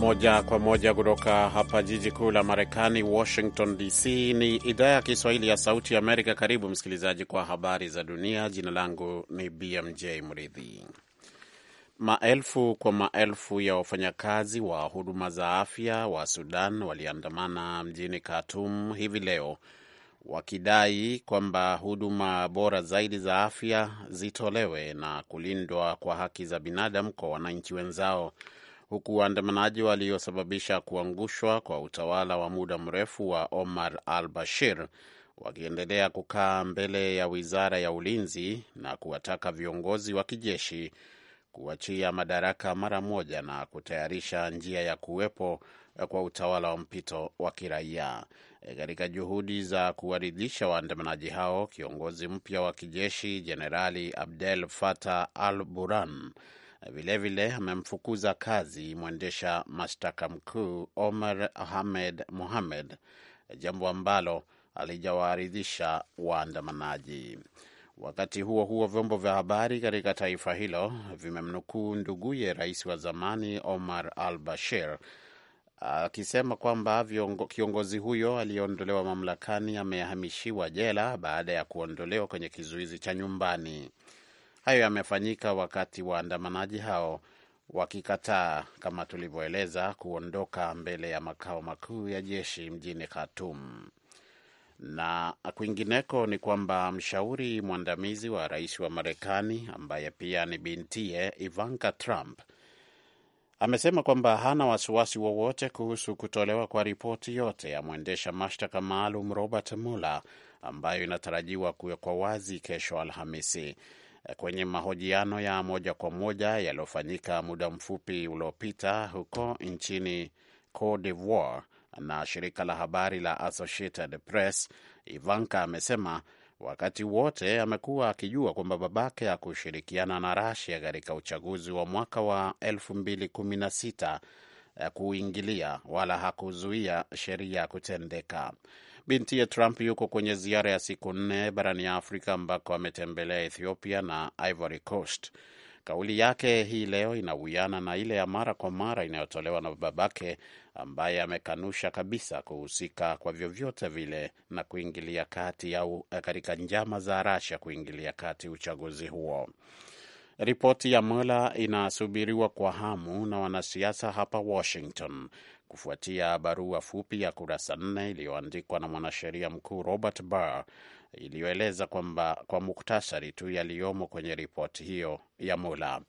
Moja kwa moja kutoka hapa jiji kuu la Marekani, Washington DC. Ni idhaa ya Kiswahili ya Sauti ya Amerika. Karibu msikilizaji kwa habari za dunia. Jina langu ni BMJ Mridhi. Maelfu kwa maelfu ya wafanyakazi wa huduma za afya wa Sudan waliandamana mjini Khartoum hivi leo wakidai kwamba huduma bora zaidi za afya zitolewe na kulindwa kwa haki za binadamu kwa wananchi wenzao huku waandamanaji waliosababisha kuangushwa kwa utawala wa muda mrefu wa Omar al Bashir wakiendelea kukaa mbele ya wizara ya ulinzi na kuwataka viongozi wa kijeshi kuachia madaraka mara moja na kutayarisha njia ya kuwepo kwa utawala wa mpito wa kiraia. Katika juhudi za kuwaridhisha waandamanaji hao, kiongozi mpya wa kijeshi Jenerali Abdel Fattah al Burhan Vilevile amemfukuza kazi mwendesha mashtaka mkuu Omar Ahmed Mohamed, jambo ambalo alijawaaridhisha waandamanaji. Wakati huo huo, vyombo vya habari katika taifa hilo vimemnukuu nduguye rais wa zamani Omar al Bashir akisema kwamba kiongozi huyo aliyeondolewa mamlakani amehamishiwa jela baada ya kuondolewa kwenye kizuizi cha nyumbani. Hayo yamefanyika wakati waandamanaji hao wakikataa, kama tulivyoeleza, kuondoka mbele ya makao makuu ya jeshi mjini Khartoum. Na kwingineko ni kwamba mshauri mwandamizi wa rais wa Marekani ambaye pia ni bintie Ivanka Trump amesema kwamba hana wasiwasi wowote kuhusu kutolewa kwa ripoti yote ya mwendesha mashtaka maalum Robert Mueller ambayo inatarajiwa kuwekwa wazi kesho Alhamisi. Eh, kwenye mahojiano ya moja kwa moja yaliyofanyika muda mfupi uliopita huko nchini Cote d'Ivoire na shirika la habari la Associated Press, Ivanka amesema wakati wote amekuwa akijua kwamba babake hakushirikiana na Rasia katika uchaguzi wa mwaka wa 2016 eh, kuingilia wala hakuzuia sheria kutendeka. Bintiye Trump yuko kwenye ziara ya siku nne barani ya Afrika ambako ametembelea Ethiopia na Ivory Coast. Kauli yake hii leo inawiana na ile ya mara kwa mara inayotolewa na babake ambaye amekanusha kabisa kuhusika kwa vyovyote vile na kuingilia kati au katika njama za Russia kuingilia kati uchaguzi huo. Ripoti ya Mueller inasubiriwa kwa hamu na wanasiasa hapa Washington kufuatia barua fupi ya kurasa nne iliyoandikwa na mwanasheria mkuu Robert Barr iliyoeleza kwamba kwa muktasari tu yaliyomo kwenye ripoti hiyo ya Mueller.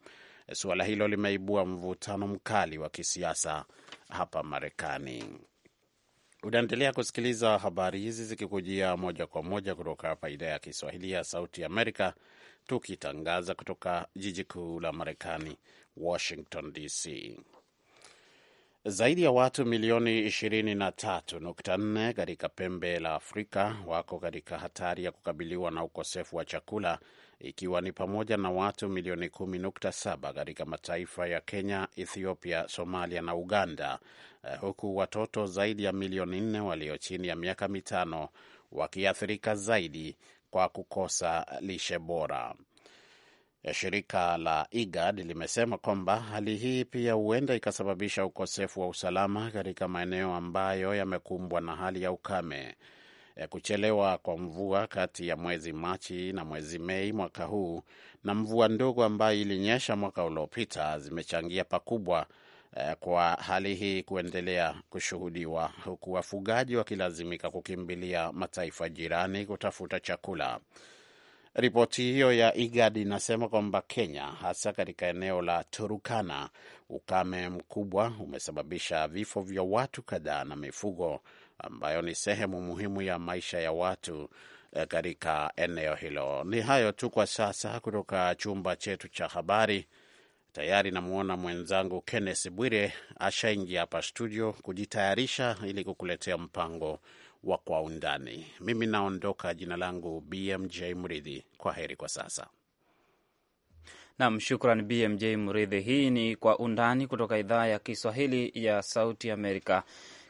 Suala hilo limeibua mvutano mkali wa kisiasa hapa Marekani. Unaendelea kusikiliza habari hizi zikikujia moja kwa moja kutoka hapa idhaa ya Kiswahili ya Sauti Amerika tukitangaza kutoka jiji kuu la Marekani, Washington DC. Zaidi ya watu milioni 23.4 katika pembe la Afrika wako katika hatari ya kukabiliwa na ukosefu wa chakula ikiwa ni pamoja na watu milioni 10.7 katika mataifa ya Kenya, Ethiopia, Somalia na Uganda, eh, huku watoto zaidi ya milioni 4 walio chini ya miaka mitano wakiathirika zaidi kwa kukosa lishe bora. Eh, shirika la IGAD limesema kwamba hali hii pia huenda ikasababisha ukosefu wa usalama katika maeneo ambayo yamekumbwa na hali ya ukame. Eh, kuchelewa kwa mvua kati ya mwezi Machi na mwezi Mei mwaka huu na mvua ndogo ambayo ilinyesha mwaka uliopita zimechangia pakubwa Eh, kwa hali hii kuendelea kushuhudiwa huku wafugaji wakilazimika kukimbilia mataifa jirani kutafuta chakula. Ripoti hiyo ya IGAD inasema kwamba Kenya, hasa katika eneo la Turukana, ukame mkubwa umesababisha vifo vya watu kadhaa na mifugo ambayo ni sehemu muhimu ya maisha ya watu eh, katika eneo hilo. Ni hayo tu kwa sasa kutoka chumba chetu cha habari tayari namwona mwenzangu Kenneth Bwire ashaingia hapa studio kujitayarisha ili kukuletea mpango wa kwa undani. Mimi naondoka, jina langu BMJ Mridhi. Kwa heri kwa sasa. Nam, shukran BMJ Mridhi. Hii ni Kwa Undani kutoka idhaa ya Kiswahili ya Sauti Amerika.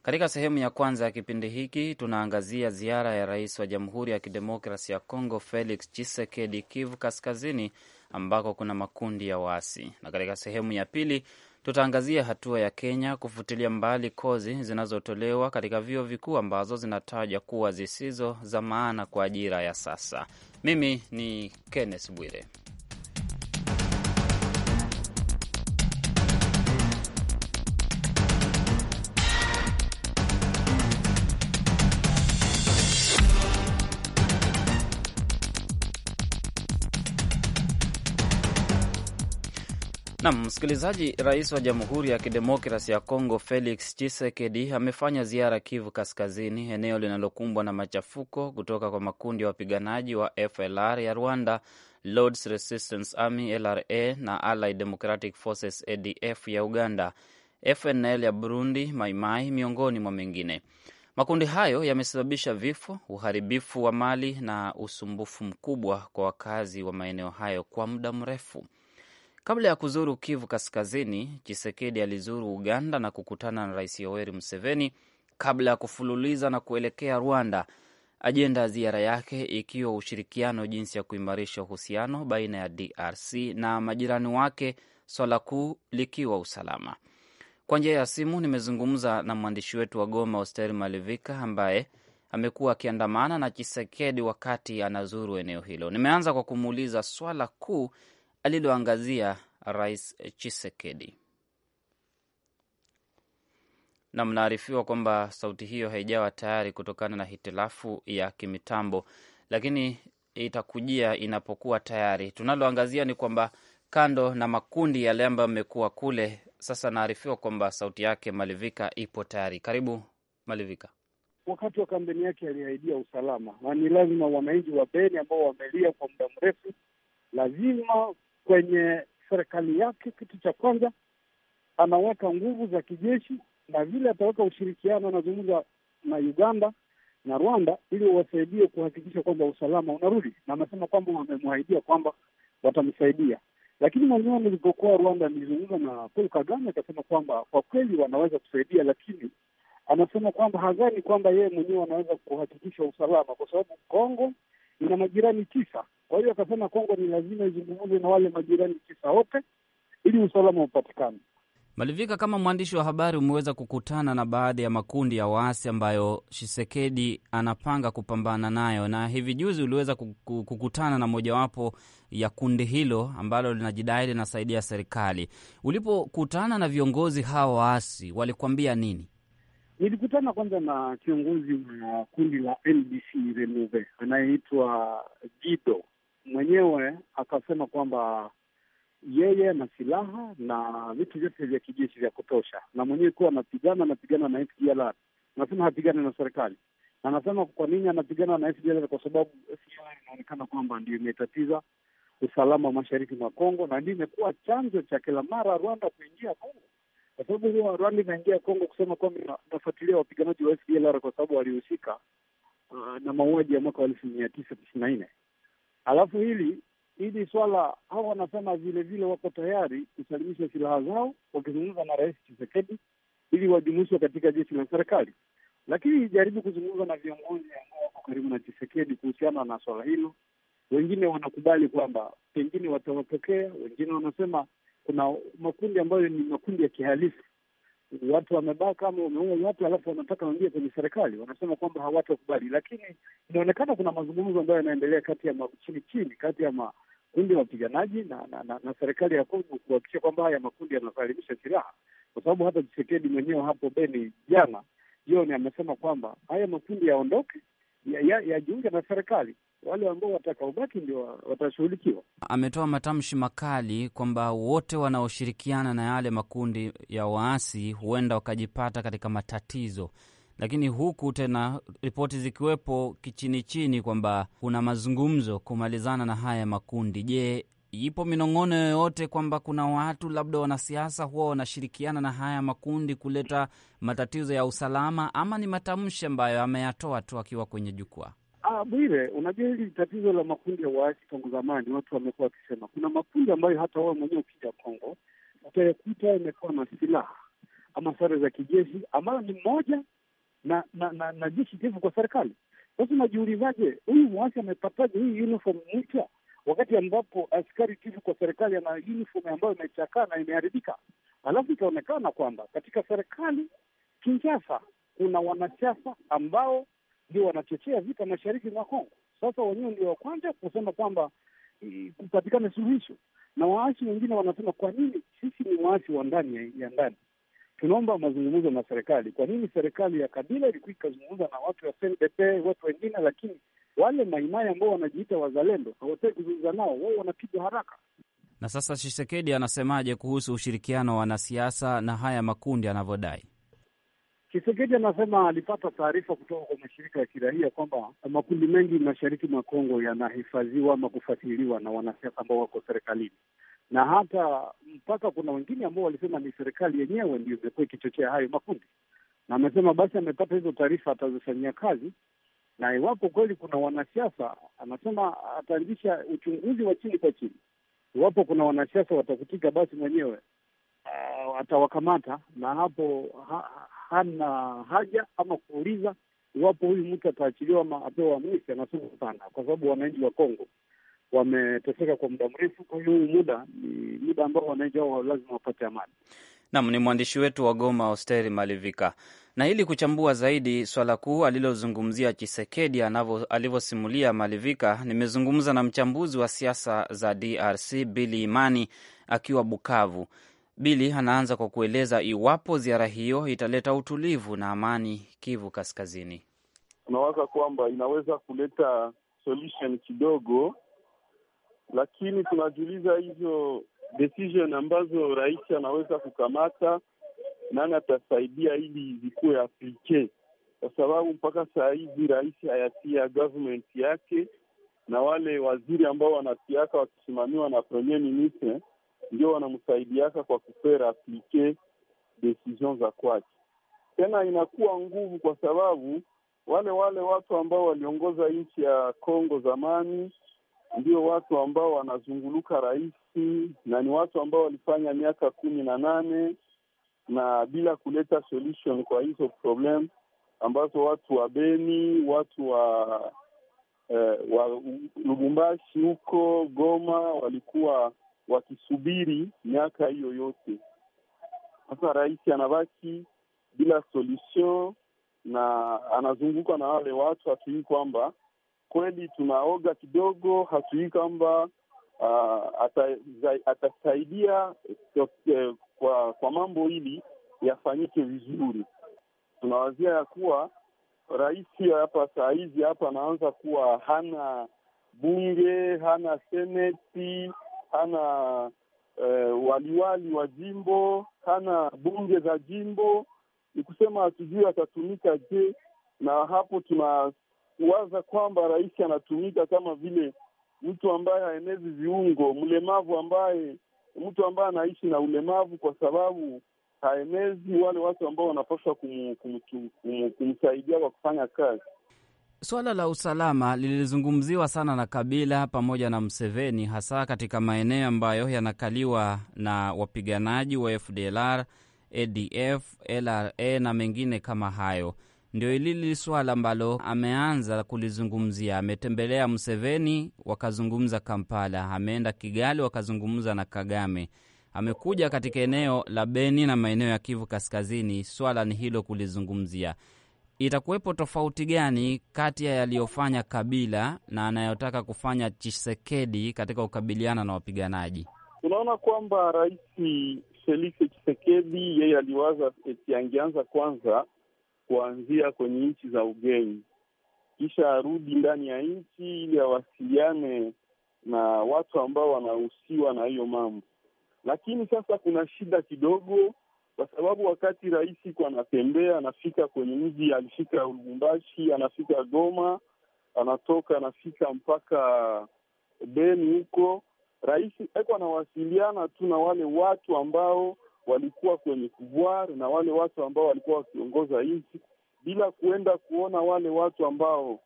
Katika sehemu ya kwanza ya kipindi hiki tunaangazia ziara ya rais wa Jamhuri ya Kidemokrasi ya congo Felix Chisekedi Kivu Kaskazini ambako kuna makundi ya waasi, na katika sehemu ya pili tutaangazia hatua ya Kenya kufutilia mbali kozi zinazotolewa katika vyuo vikuu ambazo zinataja kuwa zisizo za maana kwa ajira ya sasa. Mimi ni Kenneth Bwire. Nam msikilizaji, rais wa Jamhuri ya Kidemokrasi ya Kongo Felix Tshisekedi amefanya ziara Kivu Kaskazini, eneo linalokumbwa na machafuko kutoka kwa makundi ya wapiganaji wa FLR ya Rwanda, Lords Resistance Army LRA na Allied Democratic Forces ADF ya Uganda, FNL ya Burundi, Maimai miongoni mwa mengine. Makundi hayo yamesababisha vifo, uharibifu wa mali na usumbufu mkubwa kwa wakazi wa maeneo hayo kwa muda mrefu. Kabla ya kuzuru Kivu Kaskazini, Chisekedi alizuru Uganda na kukutana na Rais Yoweri Museveni kabla ya kufululiza na kuelekea Rwanda, ajenda ya ziara yake ikiwa ushirikiano, jinsi ya kuimarisha uhusiano baina ya DRC na majirani wake, swala kuu likiwa usalama. Kwa njia ya simu nimezungumza na mwandishi wetu wa Goma, Osteri Malivika, ambaye amekuwa akiandamana na Chisekedi wakati anazuru eneo hilo. Nimeanza kwa kumuuliza swala kuu aliloangazia Rais Chisekedi. Na mnaarifiwa kwamba sauti hiyo haijawa tayari kutokana na hitilafu ya kimitambo, lakini itakujia inapokuwa tayari. Tunaloangazia ni kwamba kando na makundi yale ambayo amekuwa kule, sasa naarifiwa kwamba sauti yake Malivika ipo tayari. Karibu Malivika. Wakati wa kampeni yake aliahidia usalama, na ni lazima wananchi wa Beni ambao wamelia kwa muda mrefu, lazima kwenye serikali yake, kitu cha kwanza anaweka nguvu za kijeshi, na vile ataweka ushirikiano, anazungumza na Uganda na Rwanda ili wasaidie kuhakikisha kwamba usalama unarudi, na amesema kwamba wamemwahidia kwamba watamsaidia. Lakini mwenyewe nilipokuwa Rwanda nilizungumza na Paul Kagame, akasema kwamba kwa kweli wanaweza kusaidia, lakini anasema kwamba hadhani kwamba yeye mwenyewe anaweza kuhakikisha usalama, kwa sababu Kongo ina majirani tisa kwa hiyo akasema Kongo ni lazima izungumze na wale majirani tisa wote ili usalama upatikane. Malivika, kama mwandishi wa habari, umeweza kukutana na baadhi ya makundi ya waasi ambayo Shisekedi anapanga kupambana nayo, na hivi juzi uliweza kukutana na mojawapo ya kundi hilo ambalo linajidai linasaidia serikali. Ulipokutana na viongozi hawa waasi, walikuambia nini? Nilikutana kwanza na kiongozi wa kundi la NDC Renove anayeitwa Jido mwenyewe akasema kwamba yeye na silaha na vitu vyote vya kijeshi vya kutosha, na mwenyewe kuwa anapigana anapigana na FDLR. Anasema hapigana na serikali. Anasema kwa nini anapigana na FDLR? Kwa sababu FDLR inaonekana kwamba ndio imetatiza usalama wa mashariki mwa Kongo na ndio imekuwa chanzo cha kila mara Rwanda kuingia Kongo, kwa sababu huwa Rwanda inaingia Kongo kusema kwamba inafuatilia wapiganaji wa FDLR kwa sababu walihusika uh, na mauaji ya mwaka wa elfu mia tisa tisini na nne Alafu hili hili swala hao wanasema vile vile wako tayari kusalimisha silaha zao, wakizungumza na Rais chisekedi ili wajumuishwe katika jeshi la serikali. Lakini jaribu kuzungumza na viongozi ambao wako karibu na chisekedi kuhusiana na swala hilo, wengine wanakubali kwamba pengine watawapokea, wengine wanasema kuna makundi ambayo ni makundi ya kihalifu watu wamebaa kama wameua watu, alafu wanataka waingie kwenye serikali, wanasema kwamba hawatakubali. Lakini inaonekana kuna mazungumzo ambayo yanaendelea kati ya chini chini, kati ya makundi ya wapiganaji na, na, na, na serikali ya Kongo kuhakikisha kwamba haya makundi yanasalimisha silaha, kwa sababu hata Chisekedi mwenyewe hapo Beni jana jioni amesema kwamba haya makundi yaondoke, yajiunge ya, ya na serikali wale ambao watakaobaki ndio watashughulikiwa. Ametoa matamshi makali kwamba wote wanaoshirikiana na yale makundi ya waasi huenda wakajipata katika matatizo, lakini huku tena ripoti zikiwepo kichini chini kwamba kuna mazungumzo kumalizana na haya makundi. Je, ipo minong'ono yoyote kwamba kuna watu labda wanasiasa huwa wanashirikiana na haya makundi kuleta matatizo ya usalama, ama ni matamshi ambayo ameyatoa tu akiwa kwenye jukwaa? Ah, Bwire, unajua hili tatizo la makundi ya waasi tangu zamani watu wamekuwa wakisema kuna makundi ambayo hata wao mwenyewe ukija Kongo utayakuta imekuwa na silaha ama sare za kijeshi ambayo ni moja na na, na, na jeshi tifu kwa serikali. Sasa unajiulizaje, huyu mwasi amepataje hii uniform mpya wakati ambapo askari tifu kwa serikali ana uniform ambayo imechakaa na imeharibika? Alafu ikaonekana kwamba katika serikali Kinshasa kuna wanasiasa ambao ndio wanachochea vita mashariki mwa Kongo. Sasa wenyewe ndio wa kwanza kusema kwamba eh, kupatikana suluhisho, na waasi wengine wanasema kwa nini sisi ni waasi wa ndani ya ndani, tunaomba mazungumzo na serikali. Kwa nini serikali ya Kabila ilikuwa ikazungumza na watu wa CNDP, watu wengine, lakini wale maimai ambao wanajiita wazalendo hawataki kuzungumza nao, wao wanapigwa haraka. Na sasa Shisekedi anasemaje kuhusu ushirikiano wa wanasiasa na haya makundi anavyodai? Kisegeji anasema alipata taarifa kutoka kwa mashirika ya kiraia kwamba makundi mengi mashariki mwa Kongo yanahifadhiwa ama kufuatiliwa na wanasiasa ambao wako serikalini, na hata mpaka kuna wengine ambao walisema ni serikali yenyewe ndio imekuwa ikichochea hayo makundi, na amesema basi amepata hizo taarifa, atazifanyia kazi na iwapo kweli kuna wanasiasa, anasema ataanzisha uchunguzi wa chini kwa chini. Iwapo kuna wanasiasa watakutika, basi mwenyewe ah, atawakamata na hapo ha, hana haja ama kuuliza iwapo huyu mtu ataachiliwa ama apewa amnistia, anasugu sana, kwa sababu wananchi wa Kongo wameteseka kwa muda mrefu. Kwa hiyo huu muda ni muda ambao wananchi hao lazima wapate amani. Nam ni mwandishi wetu wa Goma, Osteri Malivika. Na ili kuchambua zaidi swala kuu alilozungumzia Chisekedi alivyosimulia Malivika, nimezungumza na mchambuzi wa siasa za DRC Bili Imani akiwa Bukavu. Bili anaanza kwa kueleza iwapo ziara hiyo italeta utulivu na amani Kivu Kaskazini. Tunawaza kwamba inaweza kuleta solution kidogo, lakini tunajiuliza hizo decision ambazo rais anaweza kukamata, nani atasaidia ili zikuwe aplike, kwa sababu mpaka saa hizi rais hayatia government yake na wale waziri ambao wanatiaka wakisimamiwa na premier ministre ndio wanamsaidiaka kwa kuper aplike decision za kwake. Tena inakuwa nguvu kwa sababu wale wale watu ambao waliongoza nchi ya Kongo zamani ndio watu ambao wanazunguluka rais na ni watu ambao walifanya miaka kumi na nane na bila kuleta solution kwa hizo problem ambazo watu wa Beni, watu wa, eh, wa Lubumbashi huko Goma walikuwa wakisubiri miaka hiyo yote. Sasa rais anabaki bila solution na anazunguka na wale watu, hatujui kwamba kweli tunaoga kidogo, hatujui kwamba uh, atasaidia ata eh, kwa, kwa mambo hili yafanyike vizuri. Tunawazia ya kuwa rais hapa saa hizi hapa anaanza kuwa hana bunge, hana seneti hana eh, waliwali wa jimbo, hana bunge za jimbo. Ni kusema hatujui atatumika je, na hapo tunawaza kwamba rais anatumika kama vile mtu ambaye haenezi viungo, mlemavu ambaye mtu ambaye anaishi na ulemavu kwa sababu haenezi wale watu ambao wanapaswa kum, kum, kum, kum, kumsaidia kwa kufanya kazi. Suala la usalama lilizungumziwa sana na Kabila pamoja na Mseveni, hasa katika maeneo ambayo yanakaliwa na wapiganaji wa FDLR, ADF, LRA na mengine kama hayo. Ndio ilili swala ambalo ameanza kulizungumzia. Ametembelea Mseveni, wakazungumza Kampala, ameenda Kigali, wakazungumza na Kagame, amekuja katika eneo la Beni na maeneo ya Kivu Kaskazini. Swala ni hilo kulizungumzia itakuwepo tofauti gani kati ya yaliyofanya Kabila na anayotaka kufanya Chisekedi katika kukabiliana na wapiganaji? Tunaona kwamba Rais Felix Chisekedi yeye aliwaza eti angeanza kwanza kuanzia kwenye nchi za ugeni, kisha arudi ndani ya nchi ili awasiliane na watu ambao wanahusiwa na hiyo mambo. Lakini sasa kuna shida kidogo kwa sababu wakati rais iko anatembea, anafika kwenye mji, alifika Lubumbashi, anafika Goma, anatoka anafika mpaka Beni huko, rais eko anawasiliana tu na wale watu ambao walikuwa kwenye pouvoir na wale watu ambao walikuwa wakiongoza nchi bila kuenda kuona wale watu ambao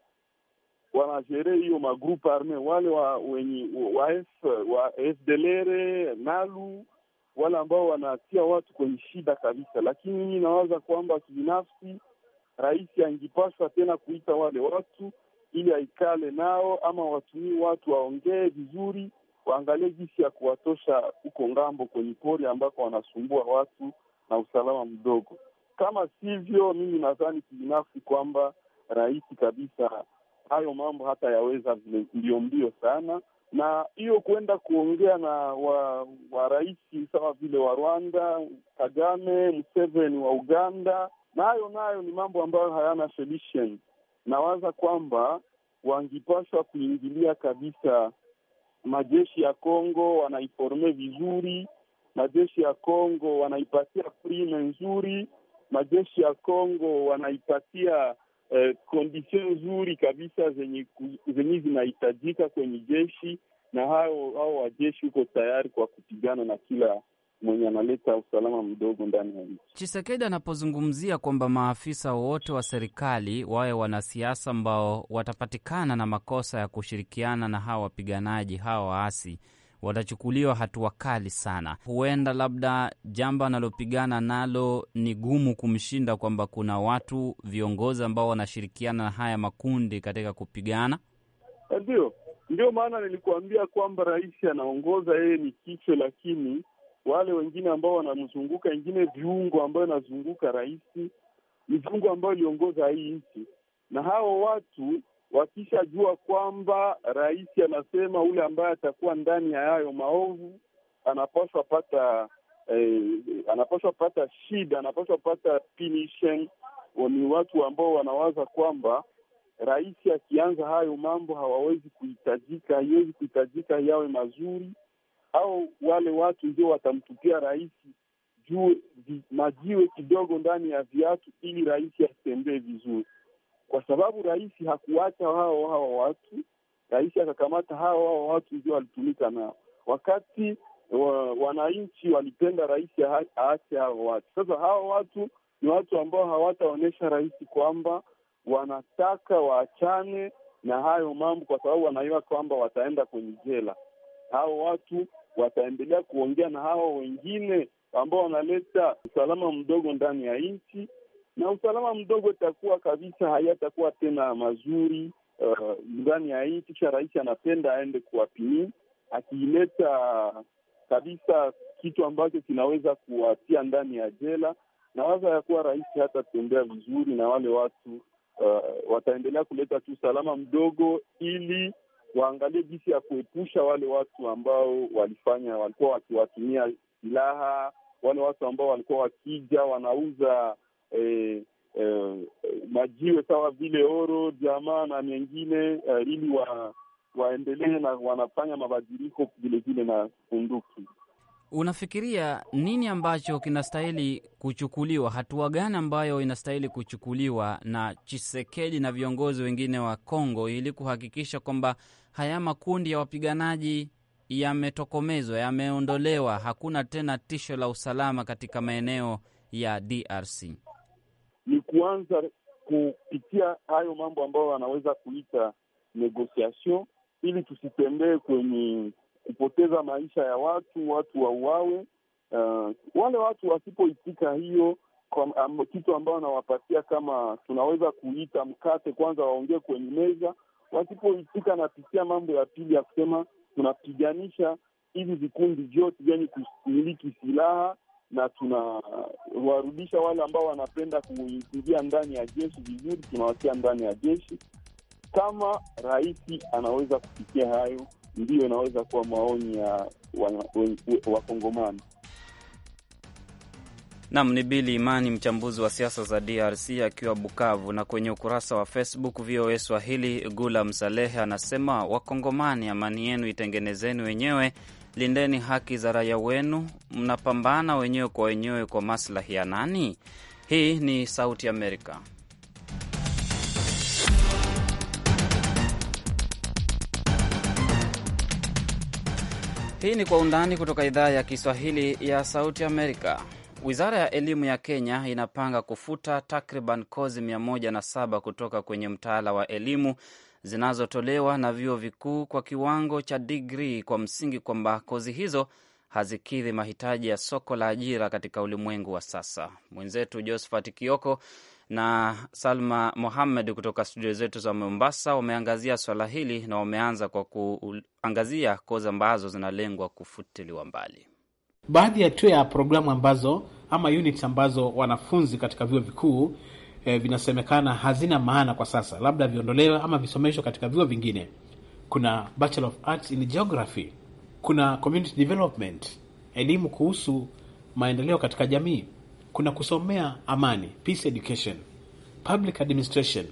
wanasherehe hiyo magrupu arme wale wa wenye wa, wa, F, wa FDLR nalu wale ambao wanatia watu kwenye shida kabisa. Lakini mimi nawaza kwamba kibinafsi, rais angipaswa tena kuita wale watu ili aikale nao, ama watumii watu waongee vizuri, waangalie jinsi ya kuwatosha huko ngambo kwenye pori ambako wanasumbua watu na usalama mdogo. Kama sivyo, mimi nadhani kibinafsi kwamba rahisi kabisa hayo mambo hata yaweza mbio mbio sana na hiyo kuenda kuongea na wa, wa rais kama vile wa Rwanda, Kagame, Museveni wa Uganda, na hayo nayo ni mambo ambayo hayana solution. Nawaza kwamba wangipashwa kuingilia kabisa majeshi ya Kongo, wanaiforme vizuri majeshi ya Kongo, wanaipatia prime nzuri majeshi ya Kongo, wanaipatia eh, kondisio nzuri kabisa zenye zenye zinahitajika kwenye jeshi, na hao hao wajeshi huko tayari kwa kupigana na kila mwenye analeta usalama mdogo ndani ya nchi. Chisekedi anapozungumzia kwamba maafisa wote wa serikali wawe wanasiasa ambao watapatikana na makosa ya kushirikiana na hawa wapiganaji hawa waasi watachukuliwa hatua kali sana. Huenda labda jambo analopigana nalo ni gumu kumshinda, kwamba kuna watu viongozi ambao wanashirikiana na haya makundi katika kupigana. Eh, ndio, ndio maana nilikuambia kwamba rais anaongoza yeye ni kichwa, lakini wale wengine ambao wanamzunguka, wengine viungo ambayo inazunguka rais ni viungo ambayo iliongoza hii nchi, na hao watu wakishajua kwamba rais anasema ule ambaye atakuwa ndani ya hayo maovu anapaswa pata eh, anapaswa pata shida, anapaswa pata punishment. Ni watu ambao wanawaza kwamba rais akianza hayo mambo hawawezi kuhitajika, haiwezi kuhitajika yawe mazuri, au wale watu ndio watamtupia rais juu majiwe kidogo ndani ya viatu ili rais atembee vizuri kwa sababu rais hakuwacha hao hao watu. Rais akakamata hao hao watu ndio walitumika nao, wakati wa, wananchi walipenda rais aache hao watu. Sasa hao watu ni watu ambao hawataonyesha rais kwamba wanataka waachane na hayo mambo, kwa sababu wanaiwa kwamba wataenda kwenye jela. Hao watu wataendelea kuongea na hao wengine ambao wanaleta usalama mdogo ndani ya nchi na usalama mdogo itakuwa kabisa, hayatakuwa tena mazuri uh, ndani uh, ya hii. Kisha rais anapenda aende kuwapimii, akiileta kabisa kitu ambacho kinaweza kuwatia ndani ya jela, na waza ya kuwa rais hatatembea vizuri na wale watu uh, wataendelea kuleta tu usalama mdogo ili waangalie jinsi ya kuepusha wale watu ambao walifanya walikuwa wakiwatumia silaha, wale watu ambao walikuwa wakija wanauza eh, eh, majiwe sawa vile oro, jamaa na mengine eh, ili wa, waendelee na wanafanya mabadiliko vilevile na bunduki. Unafikiria nini ambacho kinastahili kuchukuliwa, hatua gani ambayo inastahili kuchukuliwa na Chisekedi na viongozi wengine wa Kongo ili kuhakikisha kwamba haya makundi ya wapiganaji yametokomezwa, yameondolewa, hakuna tena tisho la usalama katika maeneo ya DRC? ni kuanza kupitia hayo mambo ambayo wanaweza kuita negosiation, ili tusitembee kwenye kupoteza maisha ya watu, watu wauawe. Uh, wale watu wasipoitika hiyo kitu ambayo wanawapatia kama tunaweza kuita mkate, kwanza waongee kwenye meza. Wasipoitika napitia mambo ya pili ya kusema tunapiganisha hivi vikundi vyote vyenye kumiliki silaha na tunawarudisha wale ambao wanapenda kuingia ndani ya jeshi vizuri, tunawatia ndani ya jeshi. Kama rais anaweza kufikia hayo, ndiyo inaweza kuwa maoni ya Wakongomani. Nam ni Bili Imani, mchambuzi wa siasa za DRC akiwa Bukavu. Na kwenye ukurasa wa Facebook VOA Swahili, Gula Msalehe anasema, Wakongomani, amani yenu itengenezeni wenyewe Lindeni haki za raia wenu, mnapambana wenyewe kwa wenyewe kwa maslahi ya nani? Hii ni Sauti Amerika. Hii ni Kwa Undani kutoka idhaa ya Kiswahili ya Sauti Amerika. Wizara ya elimu ya Kenya inapanga kufuta takriban kozi 107 kutoka kwenye mtaala wa elimu zinazotolewa na vyuo vikuu kwa kiwango cha digrii, kwa msingi kwamba kozi hizo hazikidhi mahitaji ya soko la ajira katika ulimwengu wa sasa. Mwenzetu Josephat Kioko na Salma Mohamed kutoka studio zetu za Mombasa wameangazia swala hili na wameanza kwa kuangazia kozi ambazo zinalengwa kufutiliwa mbali baadhi ya tu ya programu ambazo ama units ambazo wanafunzi katika vyuo vikuu eh, vinasemekana hazina maana kwa sasa, labda viondolewe ama visomeshwe katika vyuo vingine. Kuna Bachelor of Arts in Geography, kuna Community Development, elimu kuhusu maendeleo katika jamii, kuna kusomea amani, Peace Education, Public Administration,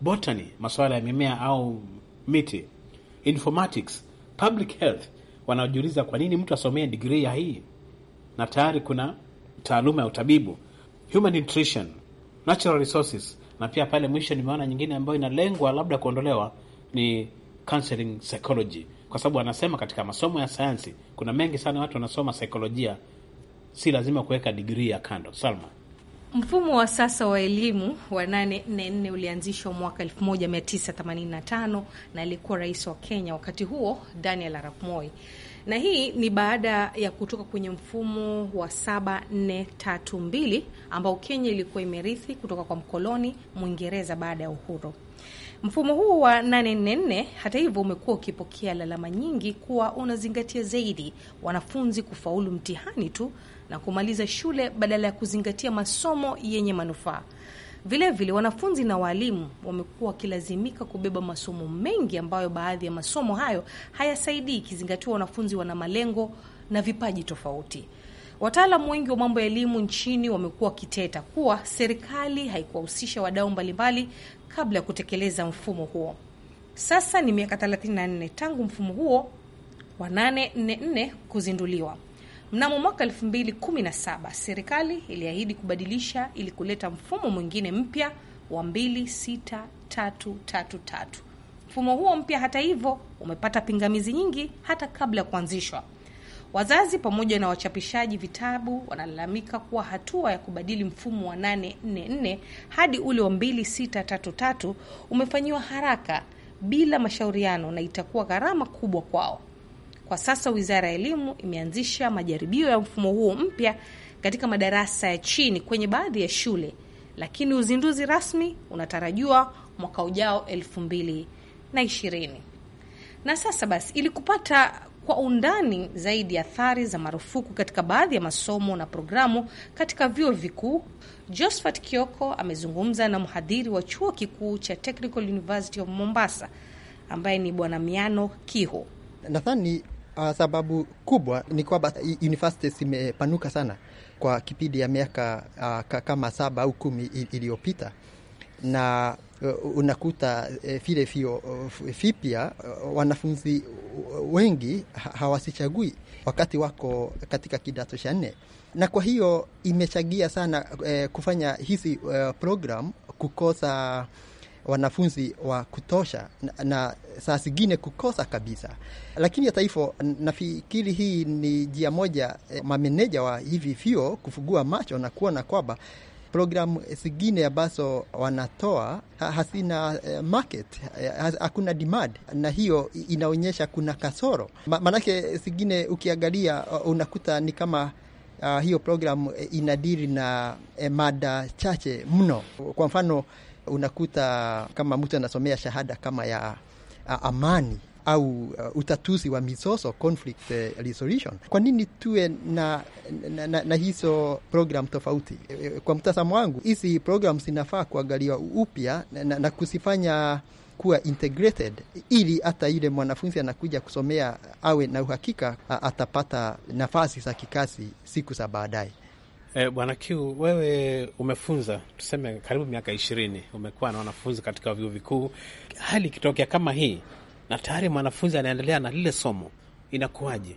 Botany, masuala ya mimea au miti, Informatics, Public Health wanajiuliza kwa nini mtu asomee digrii ya hii na tayari kuna taaluma ya utabibu, human nutrition, natural resources, na pia pale mwisho nimeona nyingine ambayo inalengwa labda kuondolewa ni counseling psychology, kwa sababu anasema katika masomo ya sayansi kuna mengi sana watu wanasoma saikolojia, si lazima kuweka digrii ya kando. Salma. Mfumo wa sasa wa elimu wa 844 ulianzishwa mwaka 1985 na alikuwa rais wa Kenya wakati huo Daniel Arap Moi, na hii ni baada ya kutoka kwenye mfumo wa 7432 ambao Kenya ilikuwa imerithi kutoka kwa mkoloni Mwingereza baada ya uhuru. Mfumo huu wa 844 hata hivyo, umekuwa ukipokea lalama nyingi kuwa unazingatia zaidi wanafunzi kufaulu mtihani tu na kumaliza shule badala ya kuzingatia masomo yenye manufaa. Vilevile, wanafunzi na waalimu wamekuwa wakilazimika kubeba masomo mengi ambayo baadhi ya masomo hayo hayasaidii, ikizingatiwa wanafunzi wana malengo na vipaji tofauti. Wataalamu wengi wa mambo ya elimu nchini wamekuwa wakiteta kuwa serikali haikuwahusisha wadau mbalimbali kabla ya kutekeleza mfumo huo. Sasa ni miaka 34 tangu mfumo huo wa 844 kuzinduliwa. Mnamo mwaka 2017 serikali iliahidi kubadilisha ili kuleta mfumo mwingine mpya wa 26333. Mfumo huo mpya, hata hivyo, umepata pingamizi nyingi hata kabla ya kuanzishwa. Wazazi pamoja na wachapishaji vitabu wanalalamika kuwa hatua ya kubadili mfumo wa 844 hadi ule wa 2633 umefanyiwa haraka bila mashauriano na itakuwa gharama kubwa kwao. Kwa sasa Wizara ya Elimu imeanzisha majaribio ya mfumo huo mpya katika madarasa ya chini kwenye baadhi ya shule, lakini uzinduzi rasmi unatarajiwa mwaka ujao elfu mbili na ishirini. Na sasa basi, ili kupata kwa undani zaidi athari za marufuku katika baadhi ya masomo na programu katika vyuo vikuu, Josephat Kioko amezungumza na mhadhiri wa chuo kikuu cha Technical University of Mombasa ambaye ni Bwana Miano Kiho. Nadhani Uh, sababu kubwa ni kwamba university zimepanuka sana kwa kipindi ya miaka uh, kama saba au kumi iliyopita na uh, unakuta eh, vile uh, vio uh, vipya uh, wanafunzi wengi hawasichagui wakati wako katika kidato cha nne, na kwa hiyo imechagia sana uh, kufanya hizi uh, program kukosa wanafunzi wa kutosha na, na saa zingine kukosa kabisa. Lakini hata hivyo, nafikiri hii ni njia moja eh, mameneja wa hivi vyuo kufugua macho na kuona kwamba programu zingine ambazo wanatoa hasina eh, market, eh, hakuna demand, na hiyo inaonyesha kuna kasoro. Maanake zingine ukiangalia uh, unakuta ni kama uh, hiyo programu inadiri na mada chache mno. Kwa mfano unakuta kama mtu anasomea shahada kama ya a, amani au uh, utatuzi wa mizozo conflict uh, resolution. Kwa nini tuwe na, na, na, na hizo program tofauti? E, e, kwa mtazamo wangu, hizi program zinafaa kuangaliwa upya na, na, na kuzifanya kuwa integrated ili hata yule mwanafunzi anakuja kusomea awe na uhakika atapata nafasi za kikazi siku za baadaye. E, Bwana Q, wewe umefunza tuseme karibu miaka ishirini, umekuwa na wanafunzi katika vyuo vikuu. Hali ikitokea kama hii na tayari mwanafunzi anaendelea na lile somo inakuwaje?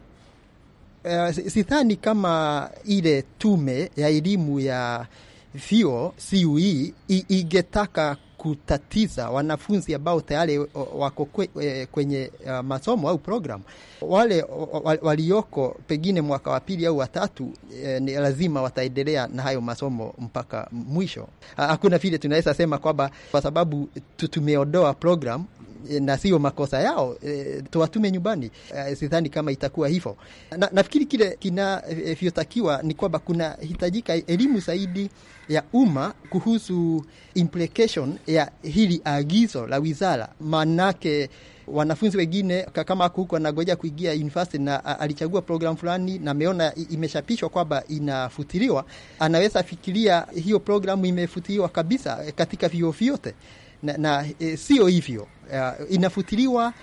Uh, eh, sidhani kama ile tume ya elimu ya vyuo CUE ingetaka kutatiza wanafunzi ambao tayari eh, wako eh, kwenye eh, masomo au programu. Wale walioko pengine mwaka wa pili au watatu, eh, ni lazima wataendelea na hayo masomo mpaka mwisho. Hakuna vile tunaweza sema kwamba kwa sababu tumeondoa program Eh, na sio makosa yao e, tuwatume nyumbani e, sidhani kama itakuwa hivyo. Na, nafikiri kile kinavyotakiwa ni kwamba kuna hitajika elimu zaidi ya umma kuhusu implication ya hili agizo la wizara, manake wanafunzi wengine kama ako huko anagoja kuingia university na alichagua programu fulani na ameona imeshapishwa kwamba inafutiliwa, anaweza fikiria hiyo programu imefutiliwa kabisa katika vyuo vyote na, na e, sio hivyo uh, inafutiliwa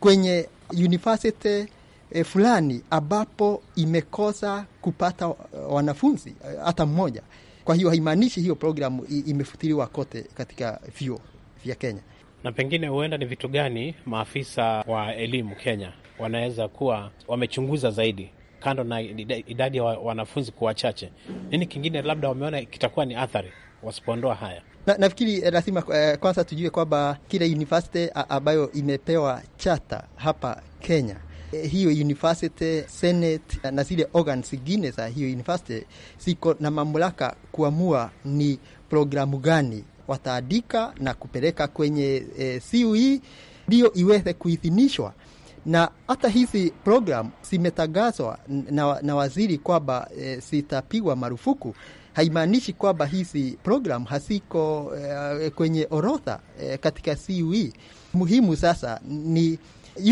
kwenye university e, fulani ambapo imekosa kupata e, wanafunzi e, hata mmoja. Kwa hiyo haimaanishi hiyo programu imefutiliwa kote katika vyuo vya Kenya. Na pengine huenda ni vitu gani maafisa wa elimu Kenya wanaweza kuwa wamechunguza zaidi, kando na idadi ya wanafunzi kuwa wachache? Nini kingine labda wameona kitakuwa ni athari wasipoondoa haya? Na, nafikiri eh, lazima eh, kwanza tujue kwamba kila university ambayo imepewa chata hapa Kenya eh, hiyo university senate eh, na zile organs zingine za hiyo university ziko na mamlaka kuamua ni programu gani wataandika na kupeleka kwenye eh, CUE ndio iweze kuidhinishwa. Na hata hizi program zimetangazwa na, na waziri kwamba e, zitapigwa marufuku haimaanishi kwamba hizi program haziko uh, kwenye orodha uh, katika CUE. Muhimu sasa ni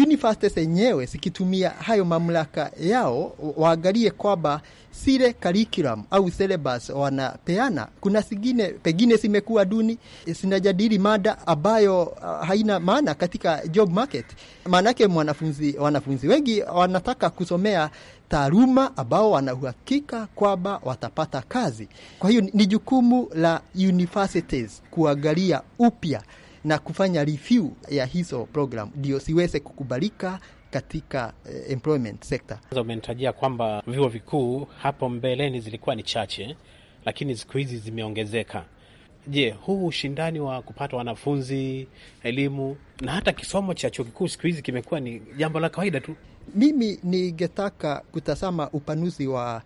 university zenyewe zikitumia hayo mamlaka yao waangalie kwamba sile curriculum au syllabus wanapeana, kuna zingine pengine zimekuwa duni, zinajadili mada ambayo ah, haina maana katika job market. Maanake mwanafunzi wanafunzi wengi wanataka kusomea taaluma ambao wanauhakika kwamba watapata kazi. Kwa hiyo ni jukumu la universities kuangalia upya na kufanya review ya hizo program ndio siweze kukubalika katika eh, employment sector. Umenitajia kwamba vyuo vikuu hapo mbeleni zilikuwa ni chache, lakini siku hizi zimeongezeka. Je, huu ushindani wa kupata wanafunzi, elimu na hata kisomo cha chuo kikuu siku hizi kimekuwa ni jambo la kawaida tu? Mimi ningetaka kutazama upanuzi wa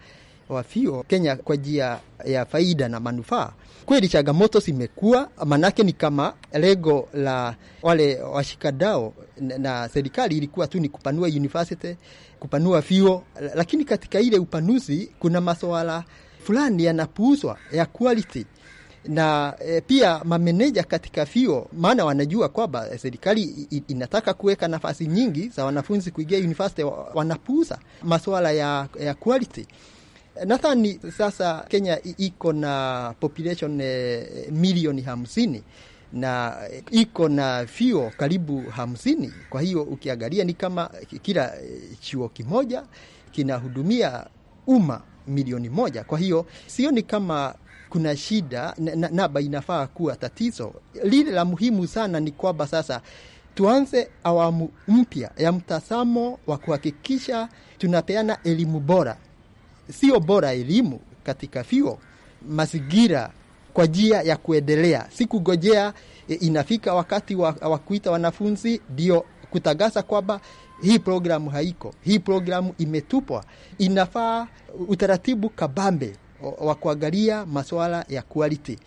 fio Kenya kwa njia ya faida na manufaa. Kweli changamoto zimekuwa, manake ni kama lengo la wale washikadao na serikali ilikuwa tu ni kupanua university, kupanua fio, lakini katika ile upanuzi kuna masuala fulani yanapuuzwa ya quality na e, pia mameneja katika vio, maana wanajua kwamba eh, serikali inataka kuweka nafasi nyingi za wanafunzi kuingia university, wanapuuza masuala ya, ya quality. Nadhani sasa Kenya iko na population e, milioni hamsini na iko na vio karibu hamsini. Kwa hiyo ukiangalia ni kama kila chuo kimoja kinahudumia umma milioni moja. Kwa hiyo sioni kama kuna shida na, naba inafaa kuwa tatizo. Lile la muhimu sana ni kwamba sasa tuanze awamu mpya ya mtazamo wa kuhakikisha tunapeana elimu bora, sio bora elimu katika vyuo, mazingira kwa njia ya kuendelea, si kugojea e, inafika wakati wa, wa kuita wanafunzi ndio kutangaza kwamba hii programu haiko, hii programu imetupwa. Inafaa utaratibu kabambe wa kuangalia masuala ya quality.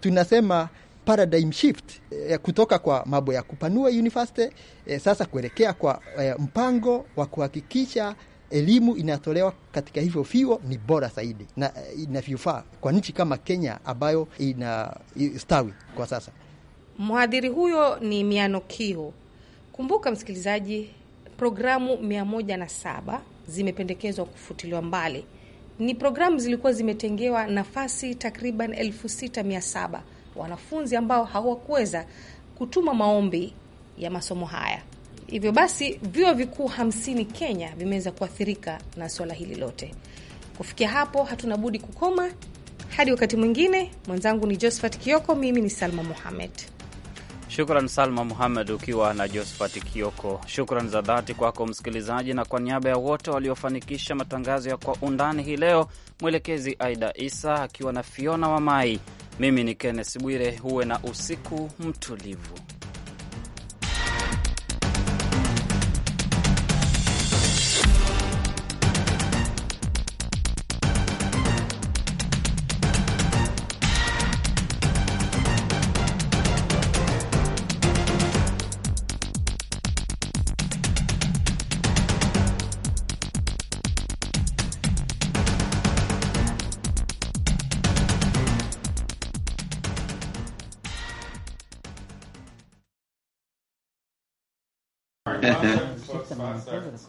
Tunasema paradigm shift eh, kutoka kwa mambo ya kupanua university eh, sasa kuelekea kwa eh, mpango wa kuhakikisha elimu inayotolewa katika hivyo vyuo ni bora zaidi na inavyofaa kwa nchi kama Kenya ambayo inastawi kwa sasa. Mhadhiri huyo ni Mianokio. Kumbuka msikilizaji, programu 107 zimependekezwa kufutiliwa mbali ni programu zilikuwa zimetengewa nafasi takriban elfu sita mia saba wanafunzi ambao hawakuweza kutuma maombi ya masomo haya. Hivyo basi vyuo vikuu hamsini Kenya vimeweza kuathirika na suala hili lote. Kufikia hapo, hatuna budi kukoma hadi wakati mwingine. Mwenzangu ni Josephat Kioko, mimi ni Salma Mohamed. Shukran Salma Muhamed ukiwa na Josphat Kioko. Shukran za dhati kwako msikilizaji, na kwa niaba ya wote waliofanikisha matangazo ya Kwa Undani hii leo, mwelekezi Aida Isa akiwa na Fiona Wamai, mimi ni Kennes Bwire. Huwe na usiku mtulivu.